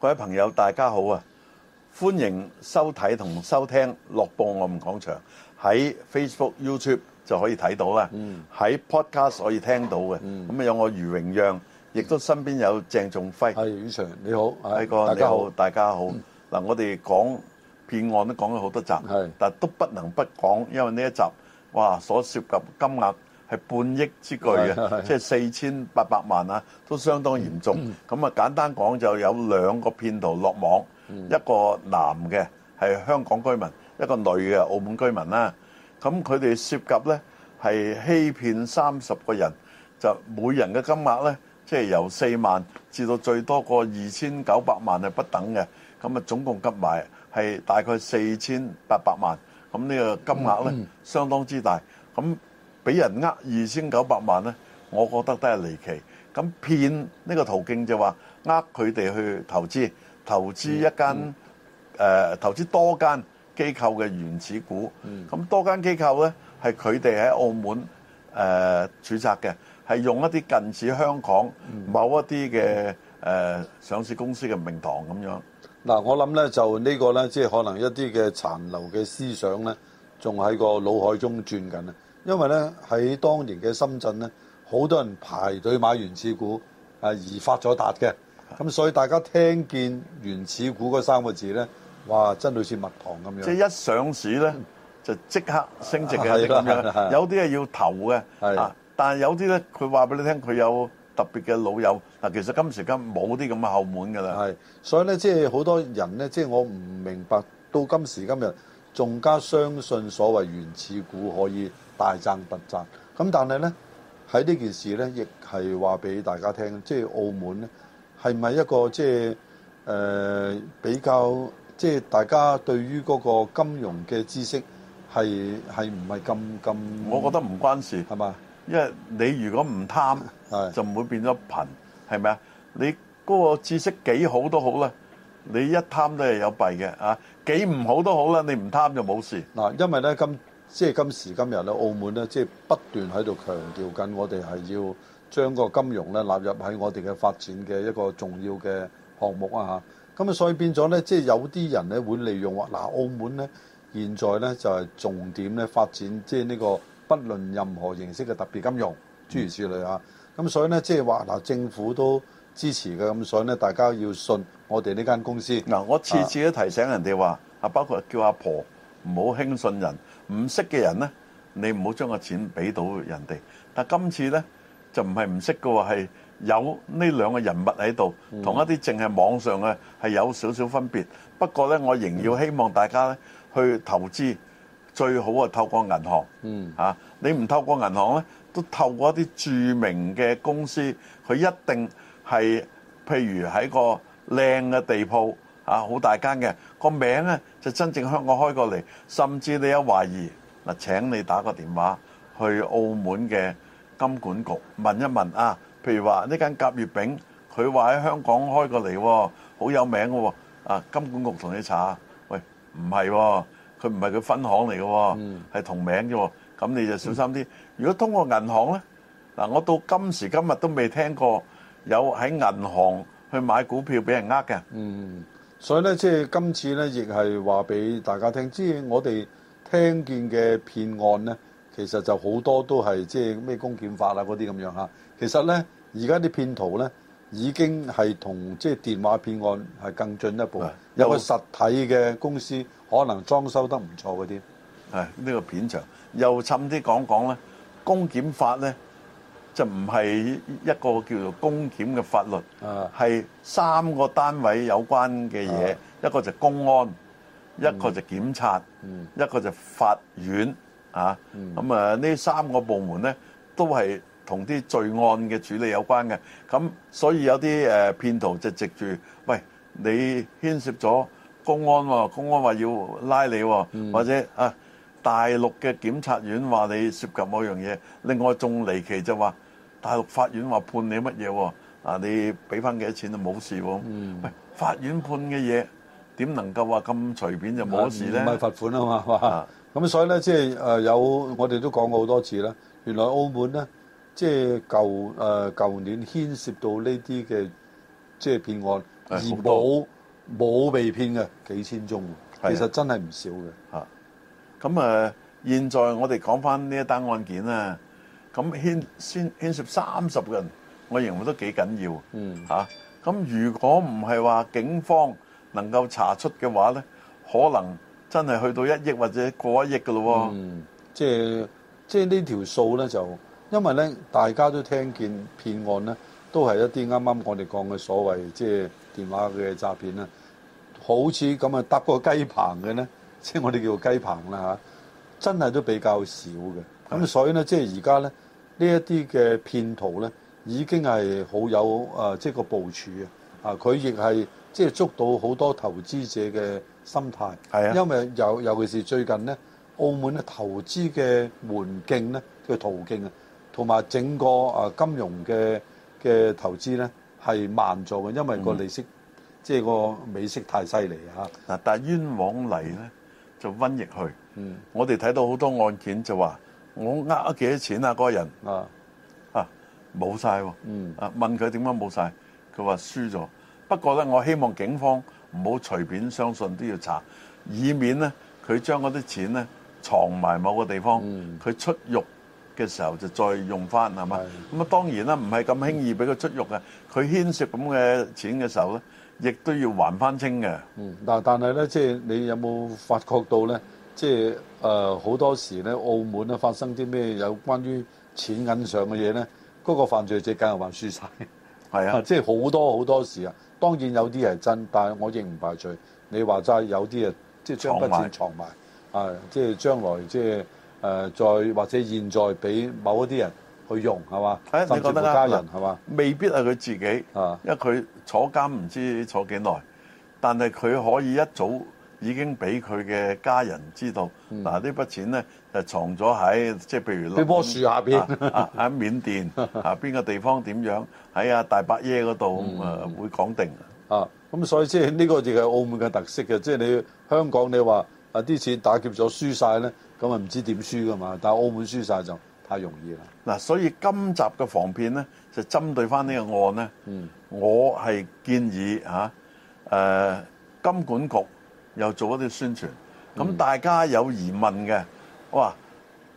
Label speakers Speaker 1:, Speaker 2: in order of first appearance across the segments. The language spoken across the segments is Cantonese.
Speaker 1: 各位朋友，大家好啊！歡迎收睇同收聽《樂報我們講場》喺 Facebook、YouTube 就可以睇到啦，喺、嗯、Podcast 可以聽到嘅。咁、嗯、有我余榮讓，亦、嗯、都身邊有鄭仲輝。係、嗯，余 Sir 你好，輝哥你好，大家好。嗱、啊嗯啊，我哋講騙案都講咗好多集，但都不能不講，因為呢一集哇，所涉及金額係半億之巨嘅， 即係四千八百萬啊，都相當嚴重。咁、嗯、啊，嗯、簡單講就有兩個騙徒落網，嗯、一個男嘅係香港居民，一個女嘅澳門居民啦。咁佢哋涉及呢係欺騙三十個人，就每人嘅金額呢，即係由四萬至到最多過二千九百萬係不等嘅。咁啊，總共急埋係大概四千八百萬。咁呢個金額呢、嗯，相當之大。咁俾人呃二千九百萬呢，我覺得都係離奇。咁騙呢個途徑就話呃佢哋去投資，投資一間誒、嗯嗯呃、投資多間機構嘅原始股。咁、嗯、多間機構呢，係佢哋喺澳門誒、呃、註冊嘅，係用一啲近似香港某一啲嘅誒上市公司嘅名堂咁樣。嗱、嗯嗯嗯，我諗呢就呢
Speaker 2: 個呢，即、就、係、是、可能一啲嘅殘留嘅思想呢，仲喺個腦海中轉緊因為咧喺當年嘅深圳咧，好多人排隊買原始股，係、啊、而發咗達嘅。咁所以大家聽見原始股嗰三個字咧，
Speaker 1: 哇！真係好似蜜糖咁樣。即係一上市咧，就即刻升值嘅咁樣。有啲係要投嘅、啊，但係有啲咧，佢話俾你聽，佢有特別嘅老友嗱、啊。其實今時今冇啲咁嘅後門㗎啦。所以咧即係好多人咧，即係我唔
Speaker 2: 明白到今時今日仲加相信所謂原始股可以。大讚特讚咁，但係咧喺呢件事咧，亦係話俾大家聽，即係澳門咧係咪一個即係誒比較即係大家對於嗰個金融嘅知識係係唔係咁咁？
Speaker 1: 我覺得唔關事，係嘛？因為你如果唔貪，就唔會變咗貧，係咪啊？你嗰個知識幾好都好啦，你一貪都係有弊嘅啊！幾唔好都好啦，你唔貪就冇事。嗱，因為咧今即係今時今日咧，澳
Speaker 2: 門咧，即係不斷喺度強調緊，我哋係要將個金融咧納入喺我哋嘅發展嘅一個重要嘅項目啊！嚇，咁啊，所以變咗咧，即係有啲人咧會利用話嗱，澳門咧現在咧就係重點咧發展即係呢個不論任何形式嘅特別金融，諸如此類啊！咁所以咧，即係話嗱，政府都
Speaker 1: 支持嘅，咁所以咧，大家要信我哋呢間公司。嗱，我次次都提醒人哋話，啊，包括叫阿婆，婆。唔好輕信人，唔識嘅人呢，你唔好將個錢俾到人哋。但今次呢，就唔係唔識㗎喎，係有呢兩個人物喺度，同一啲淨係網上嘅係有少少分別。不過呢，我仍要希望大家呢，去投資，最好啊透過銀行。嗯、啊，你唔透過銀行呢，都透過一啲著名嘅公司，佢一定係譬如喺個靚嘅地鋪啊，好大間嘅個名呢，就真正香港開過嚟，甚至你有懷疑嗱，請你打個電話去澳門嘅金管局問一問啊。譬如話呢間甲乙丙，佢話喺香港開過嚟，好有名嘅喎。啊，金管局同你查，喂，唔係喎，佢唔係佢分行嚟嘅喎，係同名啫。咁你就小心啲。如果通過銀行呢，嗱，我到今時今日都未聽過有喺銀行去買股票俾人呃嘅。嗯。所以咧，即係今次咧，
Speaker 2: 亦係話俾大家聽，即係我哋聽見嘅騙案咧，其實就好多都係即係咩公檢法啊嗰啲咁樣吓。其實咧，而家啲騙徒咧已經係同即係電話騙案係更進一步，有個實體嘅
Speaker 1: 公司，可能裝修得唔錯嗰啲，係呢個片場。又趁啲講講咧，公檢法咧。就唔係一個叫做公檢嘅法律，係、啊、三個單位有關嘅嘢、啊，一個就是公安、嗯，一個就檢察、嗯，一個就是法院啊。咁、嗯、啊，呢三個部門呢，都係同啲罪案嘅處理有關嘅。咁所以有啲誒、呃、騙徒就藉住，喂你牽涉咗公安喎、哦，公安話要拉你喎、哦嗯，或者啊。大陸嘅檢察院話你涉及某樣嘢，另外仲離奇就話大陸法院話判你乜嘢喎？啊，你俾翻幾錢就冇事喎、嗯？喂，法院判嘅嘢點能夠話咁隨便就冇事咧？唔、嗯、係罰款啊嘛，咁、
Speaker 2: 啊啊啊、所以咧，即係誒有我哋都講過好多次啦。原來澳門咧，即係舊誒舊年牽涉到呢啲嘅即係騙案，冇、哎、冇被騙嘅幾千宗，
Speaker 1: 啊、其實真係唔少嘅。啊。咁啊，現在我哋講翻呢一單案件啊。咁牽先牽涉三十個人，我認為都幾緊要。嗯，嚇、啊。咁如果唔係話警方能夠查出嘅話咧，可能真係去到一億或者過一億㗎咯。嗯。即係
Speaker 2: 即係呢條數咧就，因為咧大家都聽見騙案咧，都係一啲啱啱我哋講嘅所謂即係、就是、電話嘅詐騙啦。好似咁啊，搭個雞棚嘅咧。即係我哋叫雞棚啦嚇，真係都比較少嘅。咁所以呢，即係而家呢，呢一啲嘅騙徒呢，已經係好有啊，即係個部署啊。啊，佢亦係即係捉到好多投資者嘅心態。係啊，因為尤尤其是最近呢，澳門嘅投資嘅門徑呢嘅途徑啊，同埋整個啊金融嘅嘅投資呢，
Speaker 1: 係慢咗嘅，因為個利息、嗯、即係個美息太犀利嗱，但係冤枉嚟呢就瘟疫去、嗯，我哋睇到好多案件就話，我呃咗幾多錢啊？嗰、那個人啊啊冇晒，喎、啊，嗯、啊問佢點解冇晒，佢話輸咗。不過咧，我希望警方唔好隨便相信都要查，以免咧佢將嗰啲錢咧藏埋某個地方，佢、嗯、出獄嘅時候就再用翻係嘛？咁啊，當然啦，唔係咁輕易俾佢出獄嘅。佢牽涉咁嘅錢嘅時候咧，亦都要還翻清嘅。嗯，嗱，但係咧，即係
Speaker 2: 你有冇發覺到咧？即係誒好多時咧，澳門咧發生啲咩有關於錢銀上嘅嘢咧？嗰、那個犯罪者梗係玩輸晒，係啊，即係好多好多時啊。當然有啲係真，但係我認唔排除你話齋有啲、就是、啊，即係將筆錢藏埋啊，即係將來即係。就是誒、呃，再或者現
Speaker 1: 在俾某一啲人去用係嘛、啊，你覺得家人嘛，未必係佢自己，啊、因為佢坐監唔知坐幾耐，但係佢可以一早已經俾佢嘅家人知道，嗱、嗯、呢、啊、筆錢咧就藏咗喺即係譬如嗰棵樹下邊喺、啊啊、緬甸 啊邊個地方點樣喺啊大伯爺嗰度咁啊會講定啊，咁、啊、所以呢個就係澳門嘅特色嘅，即、就、係、是、你
Speaker 2: 香港你話。啊啲錢打劫咗，輸晒咧，咁啊唔知點輸噶嘛？但係澳門輸晒
Speaker 1: 就太容易啦。嗱，所以今集嘅防騙咧，就針對翻呢個案咧、嗯。我係建議嚇、啊呃，金管局又做一啲宣傳。咁、嗯、大家有疑問嘅，哇，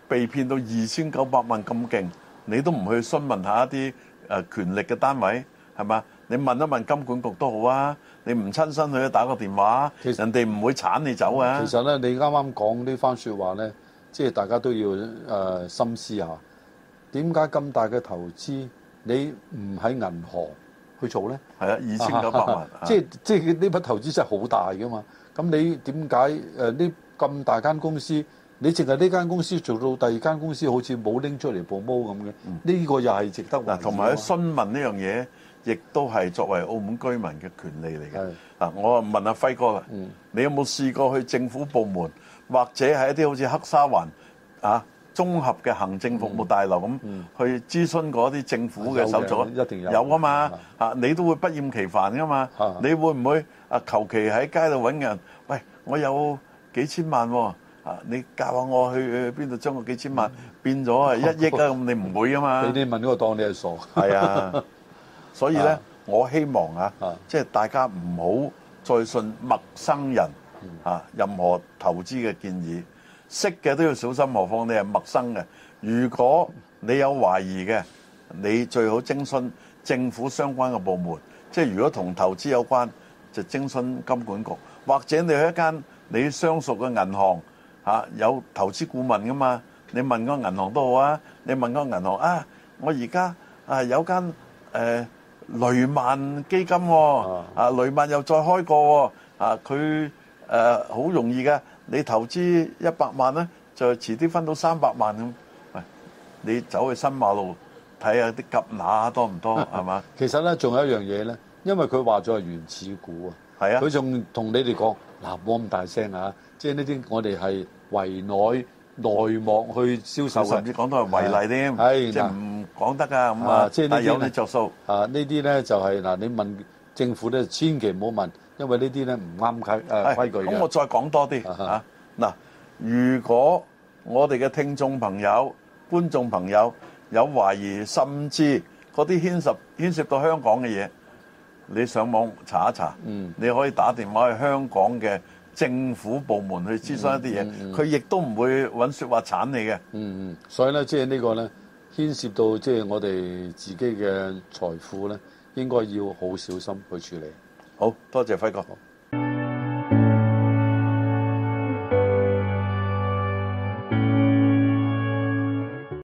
Speaker 1: 被騙到二千九百萬咁勁，你都唔去詢問一下一啲權力嘅單位係嘛？你問一問金管局都好啊。你唔親身去打個電話，其實人哋唔會鏟你走啊！其實
Speaker 2: 咧，你啱啱講呢番說話咧，即係大家都要誒深、呃、思下點解咁大嘅投資你唔喺銀行去做咧？係啊，二千九百萬，即係 即係呢筆投資真係好大噶嘛！咁你點解誒呢咁大間公司，你淨係呢間公司做到第二間公司好
Speaker 1: 似冇拎出嚟報毛咁嘅？呢、嗯這個又係值得同埋喺詢問呢樣嘢。亦都係作為澳門居民嘅權利嚟嘅。啊，我問阿輝哥啦，你有冇試過去政府部門或者係一啲好似黑沙環啊綜合嘅行政服務大樓咁去諮詢嗰啲政府嘅手續？一定有有啊嘛。啊，你都會不厭其煩㗎嘛。你會唔會啊？求其喺街度揾人，喂，我有幾千萬喎。啊，你教下我去去邊度將個幾千萬變咗啊一億啊？咁你唔會啊嘛？你問呢個當你係傻係啊？所以咧，我希望啊，即係大家唔好再信陌生人啊，任何投資嘅建議，識嘅都要小心，何況你係陌生嘅。如果你有懷疑嘅，你最好徵詢政府相關嘅部門。即係如果同投資有關，就徵詢金管局，或者你去一間你相熟嘅銀行嚇，有投資顧問噶嘛，你問個銀行都好啊。你問個銀行啊，我而家啊有間誒。雷曼基金喎，啊雷曼又再開過喎，啊佢誒好容易嘅，你投資一百萬咧，就遲啲分到三百萬咁。你走去新馬路睇下啲鴿乸多唔多，係
Speaker 2: 嘛？其實咧，仲有一樣嘢咧，因為佢話咗係原始股啊，係啊，佢仲同你哋講嗱，冇咁大聲啊，即係呢啲我哋係圍內。內幕去銷售，甚至講到係違例添，即係唔講得噶咁啊！即係有你著數啊！呢啲咧就係嗱，你問政府咧，千祈唔好問，因為呢啲咧唔啱規誒規矩嘅。咁我再
Speaker 1: 講多啲吓嗱，如果我哋嘅聽眾朋友、觀眾朋友有懷疑，甚至嗰啲牽涉牽涉到香港嘅嘢，你上網查一查，嗯，你可以打電話去香港嘅。政府部門去諮詢一啲嘢，佢亦都唔會揾説話鏟你嘅。嗯嗯，嗯，嗯，所以咧，
Speaker 2: 即係呢個咧牽涉到即係我哋自己嘅財富咧，應該要好小心去處理。好多謝輝哥。